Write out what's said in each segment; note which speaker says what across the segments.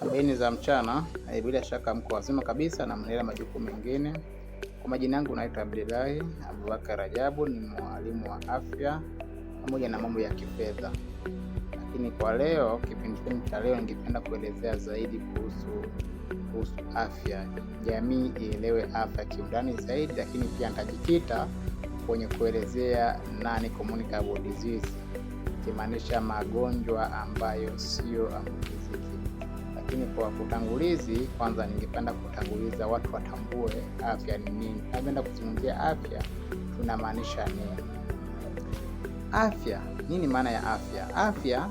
Speaker 1: arobaini za mchana. Eh, bila shaka mko wazima kabisa na mnaendelea majukumu mengine. Kwa majina yangu naitwa Abdullahi Abubakar Rajabu, ni mwalimu wa afya pamoja na mambo ya kifedha. Lakini kwa leo, kipindi chenu cha leo, ningependa kuelezea zaidi kuhusu kuhusu afya, jamii ielewe afya kiundani zaidi, lakini pia nitajikita kwenye kuelezea nani communicable disease, ikimaanisha magonjwa ambayo sio ambukizi lakini kwa utangulizi, kwanza ningependa kutanguliza watu watambue afya ni nini. Napenda kuzungumzia afya, tunamaanisha nini? Afya, nini maana ya afya? Afya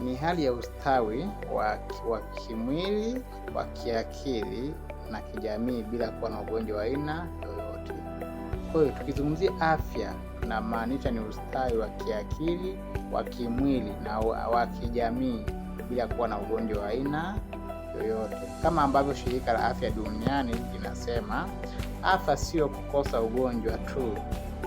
Speaker 1: ni hali ya ustawi wa, wa kimwili, wa kiakili na kijamii bila kuwa na ugonjwa wa aina yoyote. Kwa hiyo tukizungumzia afya tunamaanisha ni ustawi wa kiakili, wa kimwili na wa kijamii bila kuwa na ugonjwa wa aina yoyote. Kama ambavyo shirika la afya duniani linasema, afya sio kukosa ugonjwa tu,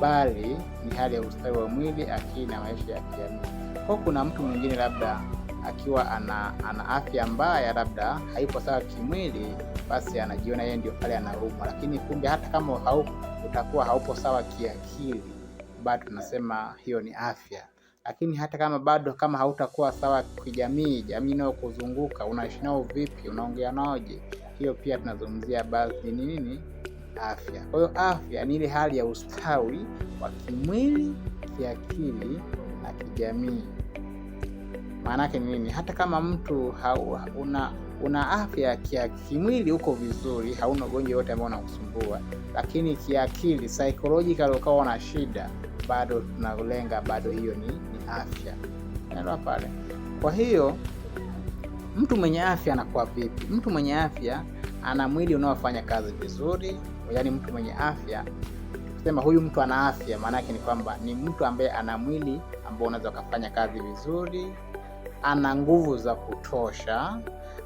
Speaker 1: bali ni hali ya ustawi wa mwili, akili na maisha ya kijamii. Kwa kuna mtu mwingine labda akiwa ana, ana afya mbaya, labda haipo sawa kimwili, basi anajiona yeye ndio pale anaumwa, lakini kumbe hata kama hau, utakuwa haupo sawa kiakili, bado tunasema hiyo ni afya. Lakini hata kama bado kama hautakuwa sawa kijamii, jamii inayokuzunguka unaishi nao vipi? Unaongea naoje? Hiyo pia tunazungumzia baadhi ni nini? Afya. Kwa hiyo afya ni ile hali ya ustawi wa kimwili, kiakili na kijamii. Maana yake ni nini? Hata kama mtu hau, una, una afya ya kimwili, uko vizuri, hauna ugonjwa wote ambao unakusumbua, lakini kiakili psychological, ukawa na shida, bado tunalenga, bado hiyo ni afya naelewa pale. Kwa hiyo mtu mwenye afya anakuwa vipi? Mtu mwenye afya ana mwili unaofanya kazi vizuri, yaani mtu mwenye afya sema huyu mtu ana afya, maana yake ni kwamba ni mtu ambaye ana mwili ambao unaweza kufanya kazi vizuri, ana nguvu za kutosha,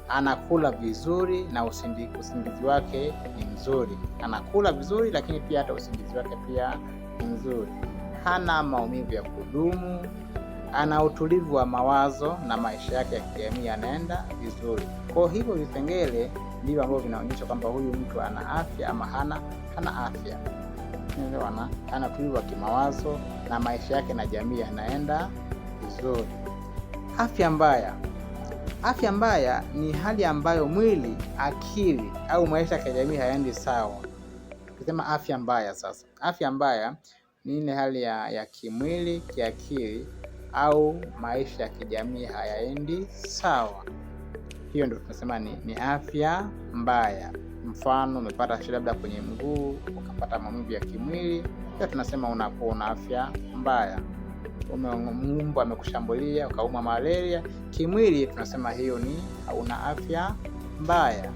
Speaker 1: anakula vizuri na usindi, usingizi wake ni mzuri. Anakula vizuri, lakini pia hata usingizi wake pia ni mzuri hana maumivu ya kudumu, ana utulivu wa mawazo na maisha yake ya kijamii yanaenda vizuri. Kwa hivyo vipengele ndivyo ambavyo vinaonyesha kwamba huyu mtu ana afya ama hana hana afya. Ana, ana utulivu wa kimawazo na maisha yake na jamii yanaenda vizuri. Afya mbaya. Afya mbaya ni hali ambayo mwili, akili au maisha ya kijamii hayaendi sawa. Tukisema afya mbaya sasa, afya mbaya nini hali ya, ya kimwili, kiakili au maisha ya kijamii hayaendi sawa. Hiyo ndio tunasema ni, ni afya mbaya. Mfano, umepata shida labda kwenye mguu ukapata maumivu ya kimwili, pia tunasema unakuwa una afya mbaya. Umemumbu amekushambulia ukaumwa malaria kimwili, tunasema hiyo ni una afya mbaya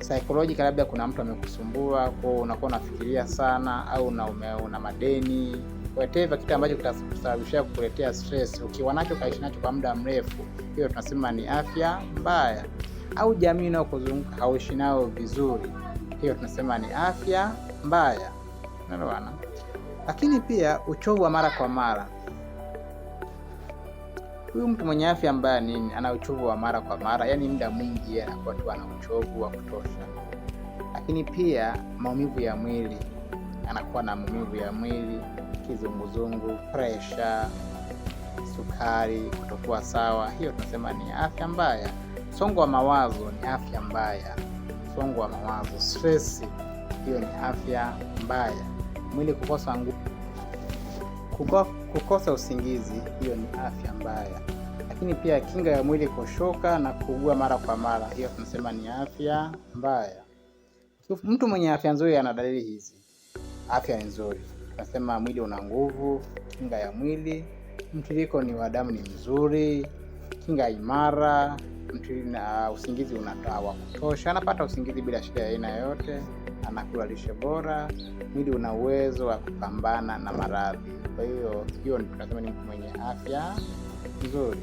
Speaker 1: psychological, labda kuna mtu amekusumbua, kwa unakuwa unafikiria sana, au una, ume, una madeni whatever, kitu ambacho kitakusababishia kukuletea stress. Ukiwa nacho kaishi nacho kwa muda mrefu, hiyo tunasema ni afya mbaya, au jamii inayokuzunguka hauishi nayo vizuri, hiyo tunasema ni afya mbaya. Unaelewana? Lakini pia uchovu wa mara kwa mara huyu mtu mwenye afya ambaye nini ana uchovu wa mara kwa mara, yani muda mwingi yeye anakuwa tu ana uchovu wa kutosha, lakini pia maumivu ya mwili, anakuwa na maumivu ya mwili, kizunguzungu, presha, sukari, kutokuwa sawa. Hiyo tunasema ni afya mbaya. Msongo wa mawazo ni afya mbaya. Msongo wa mawazo, stress, hiyo ni afya mbaya. Mwili kukosa nguvu Kukosa usingizi, hiyo ni afya mbaya. Lakini pia kinga ya mwili kushuka na kuugua mara kwa mara, hiyo tunasema ni afya mbaya. Mtu mwenye afya nzuri ana dalili hizi. Afya nzuri tunasema mwili una nguvu, kinga ya mwili, mtiririko ni wa damu ni mzuri, kinga imara, na usingizi unatawa kutosha, anapata usingizi bila shida ya aina yoyote, anakula lishe bora, mwili una uwezo wa kupambana na maradhi. Kwa hiyo hiyo tunasema ni mtu mwenye afya nzuri.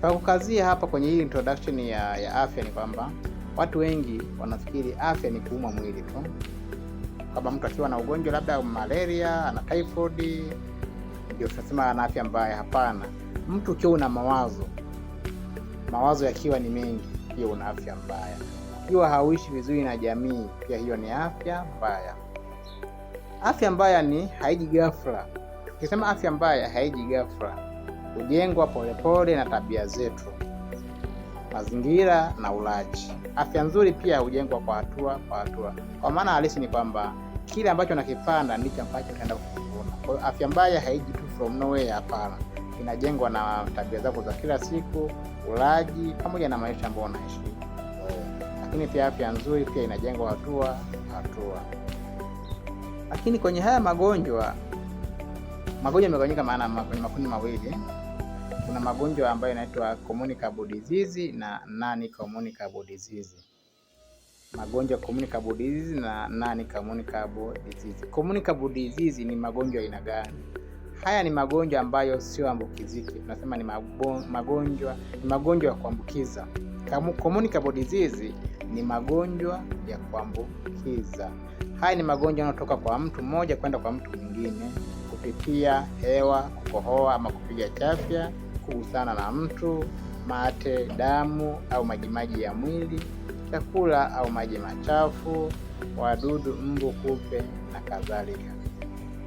Speaker 1: Kwa kukazia hapa kwenye hii introduction ya, ya afya ni kwamba watu wengi wanafikiri afya ni kuumwa mwili tu, kama mtu akiwa na ugonjwa labda malaria, ana typhoid, ndio tunasema ana afya mbaya. Hapana, mtu ukiwa una mawazo, mawazo yakiwa ni mengi, hiyo una afya mbaya. Ukiwa hauishi vizuri na jamii, pia hiyo ni afya mbaya. Afya mbaya ni haiji ghafla, kisema afya mbaya haiji ghafla, hujengwa polepole na tabia zetu, mazingira na ulaji. Afya nzuri pia hujengwa kwa hatua kwa hatua, kwa maana halisi ni kwamba kile ambacho nakipanda ndicho ambacho utaenda kukivuna. Kwa hiyo afya mbaya haiji tu from nowhere, hapana, inajengwa na tabia zako za kila siku, ulaji pamoja na maisha ambayo unaishi. Lakini pia afya nzuri pia inajengwa hatua hatua. Lakini kwenye haya magonjwa Magonjwa yamegawanyika maana kwenye makundi mawili. Kuna magonjwa ambayo yanaitwa communicable disease na non communicable disease. Magonjwa communicable disease na non communicable disease. Communicable disease ni magonjwa aina gani? Haya ni magonjwa ambayo sio ambukiziki, tunasema ni magonjwa ni magonjwa ya kuambukiza. Communicable disease ni magonjwa ya kuambukiza. Haya ni magonjwa yanayotoka kwa mtu mmoja kwenda kwa mtu mwingine kupitia hewa, kukohoa ama kupiga chafya, kugusana na mtu, mate, damu au majimaji ya mwili, chakula au maji machafu, wadudu, mbu, kupe na kadhalika.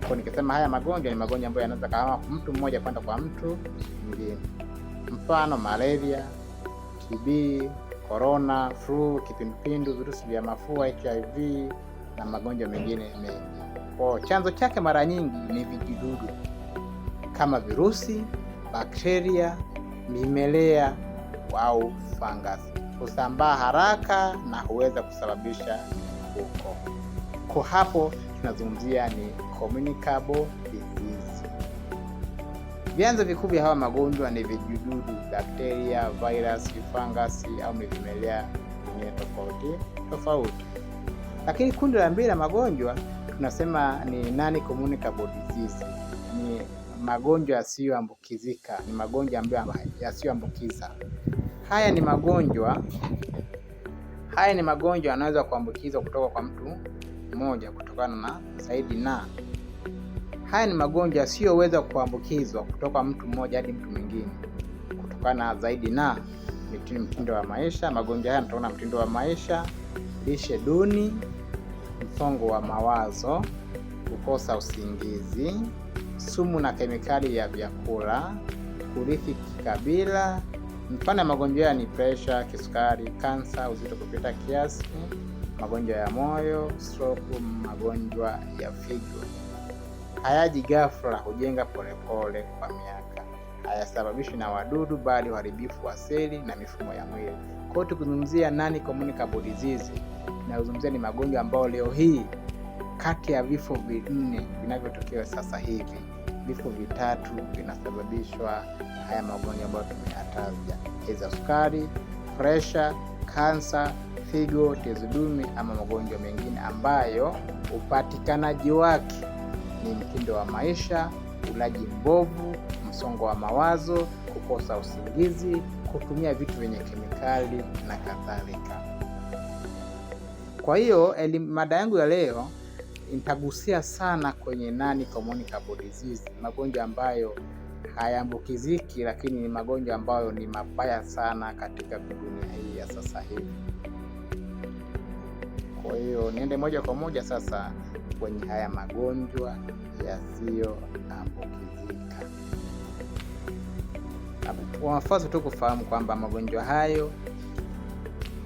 Speaker 1: Kwa nikisema haya magonjwa ni magonjwa ambayo yanaweza kama mtu mmoja kwenda kwa mtu mwingine, mfano malaria, TB, korona, flu, kipindupindu, virusi vya mafua, HIV na magonjwa mengine mengi ambapo chanzo chake mara nyingi ni vijidudu kama virusi, bakteria, mimelea au fangasi. Husambaa haraka na huweza kusababisha mlipuko. Kwa hapo tunazungumzia ni communicable disease. Vyanzo vikuu vya hawa magonjwa ni vijidudu, bakteria, virusi, fangasi au mimelea vingine tofauti tofauti. Lakini kundi la mbili la magonjwa tunasema ni non communicable disease, ni magonjwa yasiyoambukizika, ni magonjwa ambayo yasiyoambukiza. Haya ni magonjwa haya ni magonjwa yanaweza kuambukizwa kutoka kwa mtu mmoja kutokana na zaidi na haya ni magonjwa yasiyoweza kuambukizwa kutoka mtu mmoja hadi mtu mwingine kutokana zaidi na mitindo, mtindo wa maisha. Magonjwa haya yanatokana na mtindo wa maisha, lishe duni msongo wa mawazo, kukosa usingizi, sumu na kemikali ya vyakula, kurithi kikabila. Mfano ya magonjwa haya ni presha, kisukari, kansa, uzito kupita kiasi, magonjwa ya moyo, stroke, magonjwa ya figo. Hayaji ghafla, hujenga polepole kwa miaka. Hayasababishwi na wadudu, bali uharibifu wa seli na mifumo ya mwili. Kwa hiyo tukizungumzia non-communicable disease inayozungumzia ni magonjwa ambayo leo hii kati ya vifo vinne vinavyotokea sasa hivi vifo vitatu vinasababishwa haya magonjwa ambayo tumeyataja, heza sukari, presha, kansa, figo, tezidumi ama magonjwa mengine ambayo upatikanaji wake ni mtindo wa maisha, ulaji mbovu, msongo wa mawazo, kukosa usingizi, kutumia vitu vyenye kemikali na kadhalika. Kwa hiyo mada yangu ya leo nitagusia sana kwenye nani communicable disease, magonjwa ambayo hayaambukiziki lakini ni magonjwa ambayo ni mabaya sana katika dunia hii ya sasa hivi. Kwa hiyo niende moja kwa moja sasa kwenye haya magonjwa yasiyoambukizika. Wafasi tu kufahamu kwamba magonjwa hayo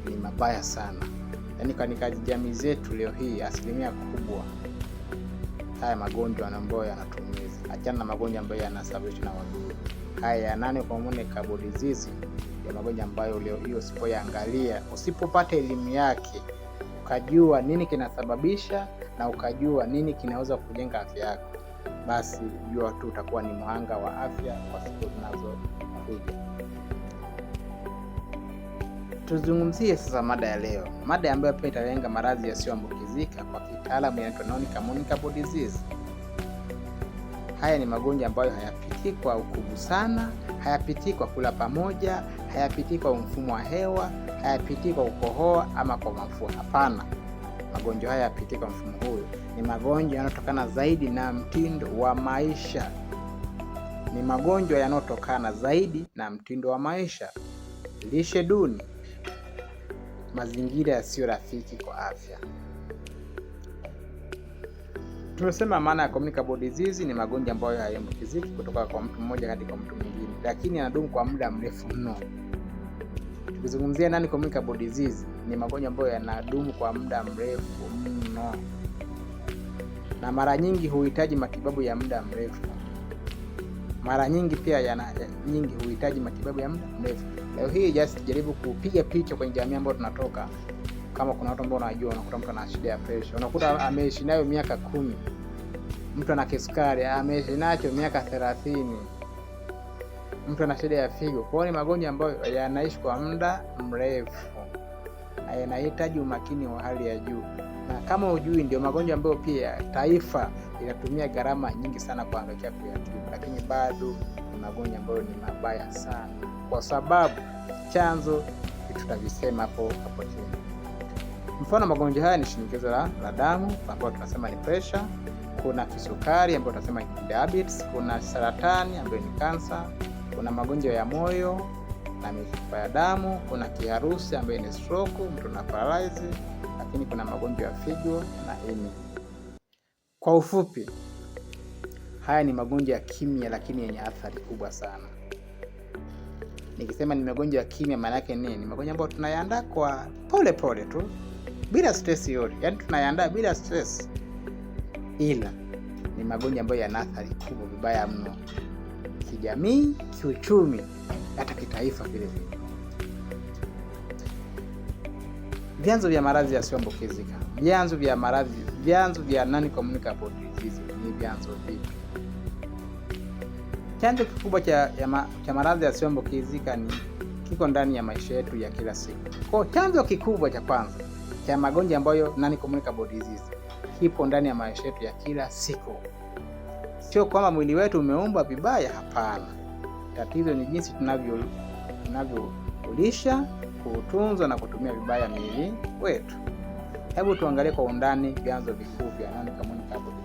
Speaker 1: ni mabaya sana yani katika jamii zetu leo hii asilimia kubwa haya magonjwa ambayo yanatumiza, achana na magonjwa ambayo yanasababishwa na wadudu haya ya nane communicable disease, ya magonjwa ambayo leo hii usipoyaangalia, usipopata elimu yake, ukajua nini kinasababisha na ukajua nini kinaweza kujenga afya yako, basi jua tu utakuwa ni mhanga wa afya kwa siku zinazokuja. Tuzungumzie sasa mada ya leo, mada ambayo pia italenga maradhi yasiyoambukizika, kwa kitaalamu yanaitwa non-communicable disease. Haya ni magonjwa ambayo hayapitii kwa ukubu sana, hayapitii kwa kula pamoja, hayapitii kwa mfumo wa hewa, hayapitii kwa kukohoa ama kwa mafua. Hapana, magonjwa haya hayapitii kwa mfumo huyo Ni magonjwa yanayotokana zaidi na mtindo wa maisha, ni magonjwa yanayotokana zaidi na mtindo wa maisha, lishe duni mazingira yasiyo rafiki kwa afya. Tumesema maana ya communicable disease ni magonjwa ambayo hayambukiziki kutoka kwa mtu mmoja hadi kwa mtu mwingine, lakini yanadumu kwa muda mrefu mno. Tukizungumzia nani communicable disease, ni magonjwa ambayo yanadumu kwa muda mrefu mno na mara nyingi huhitaji matibabu ya muda mrefu mara nyingi pia yana nyingi huhitaji matibabu ya muda mrefu. Leo hii just jaribu kupiga picha kwenye jamii ambayo tunatoka. Kama kuna watu ambao unajua, unakuta mtu ana shida ya presha, unakuta ameishi nayo miaka kumi. Mtu ana kisukari ameishi nacho miaka thelathini. Mtu ana shida ya figo. Kwa hiyo ni magonjwa ambayo yanaishi kwa muda mrefu, yanahitaji umakini wa hali ya juu. Kama hujui, ndio magonjwa ambayo pia taifa linatumia gharama nyingi sana kuangalia kuyatibu, lakini bado ni magonjwa ambayo ni mabaya sana, kwa sababu chanzo tutavisema hapo hapo chini. Mfano magonjwa haya ni shinikizo la, la damu ambayo tunasema ni pressure, kuna kisukari ambayo tunasema ni diabetes, kuna saratani ambayo ni kansa, kuna magonjwa ya moyo na mifupa ya damu, kuna kiharusi ambaye ni stroke, mtu na paralyze, lakini kuna magonjwa ya figo na ini. Kwa ufupi, haya ni magonjwa ya kimya lakini yenye athari kubwa sana. Nikisema ni magonjwa ya kimya, maana yake nini? Ni magonjwa ambayo tunayaandaa kwa pole pole tu bila stress yote, yaani tunayaandaa bila stress, ila ni magonjwa ambayo yana athari kubwa vibaya mno kijamii, kiuchumi, hata kitaifa vile vile. Vyanzo vya maradhi yasiyoambukizika, vyanzo vya maradhi, vyanzo vya non communicable diseases ni vyanzo vipi? Chanzo kikubwa cha, cha maradhi yasiyoambukizika ni kiko ndani ya maisha yetu ya kila siku. Kwa chanzo kikubwa cha kwanza cha magonjwa ambayo non communicable diseases kipo ndani ya maisha yetu ya kila siku sio kwamba mwili wetu umeumbwa vibaya, hapana. Tatizo ni jinsi tunavyo tunavyoulisha, kuutunza na kutumia vibaya mwili wetu. Hebu tuangalie kwa undani vyanzo vikuu vya non-common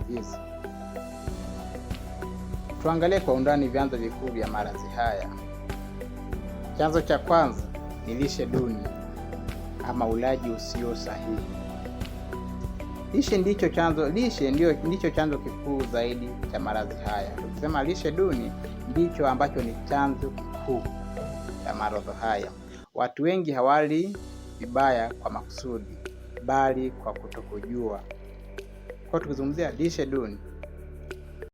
Speaker 1: disease. Tuangalie kwa undani vyanzo vikuu vya maradhi haya. Chanzo cha kwanza ni lishe duni ama ulaji usio sahihi. Lishe ndicho chanzo, lishe ndio ndicho chanzo kikuu zaidi cha maradhi haya. Tukisema lishe duni, ndicho ambacho ni chanzo kikuu cha maradhi haya. Watu wengi hawali vibaya kwa makusudi, bali kwa kutokujua. Kwa tukizungumzia lishe duni